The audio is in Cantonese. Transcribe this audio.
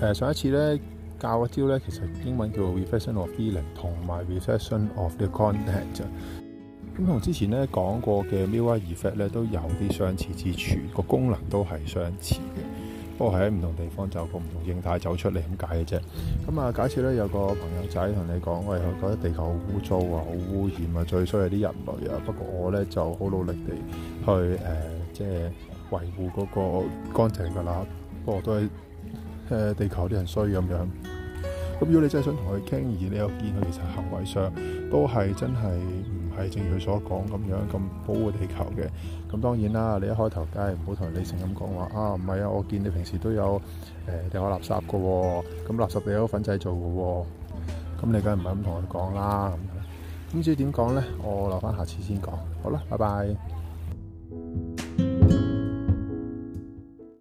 誒上一次咧教一招咧，其實英文叫 reflection of feeling 同埋 reflection of the content。咁同之前咧講過嘅 mirror effect 咧都有啲相似之處，個功能都係相似嘅，不過係喺唔同地方就有個唔同形態走出嚟咁解嘅啫。咁啊，假設咧有個朋友仔同你講，喂，佢覺得地球好污糟啊，好污染啊，最衰係啲人類啊。不過我咧就好努力地去誒、呃，即係維護嗰個乾淨嘅樓。不過都係。誒，地球啲人衰咁樣，咁如果你真係想同佢傾，而你又見佢其實行為上都係真係唔係正如佢所講咁樣咁保護地球嘅，咁當然啦，你一開頭梗係唔好同佢理性咁講話啊，唔係啊，我見你平時都有誒掉、呃、垃圾噶、啊，咁垃圾你都粉制做噶，咁你梗係唔係咁同佢講啦咁。咁至於點講咧，我留翻下次先講。好啦，拜拜。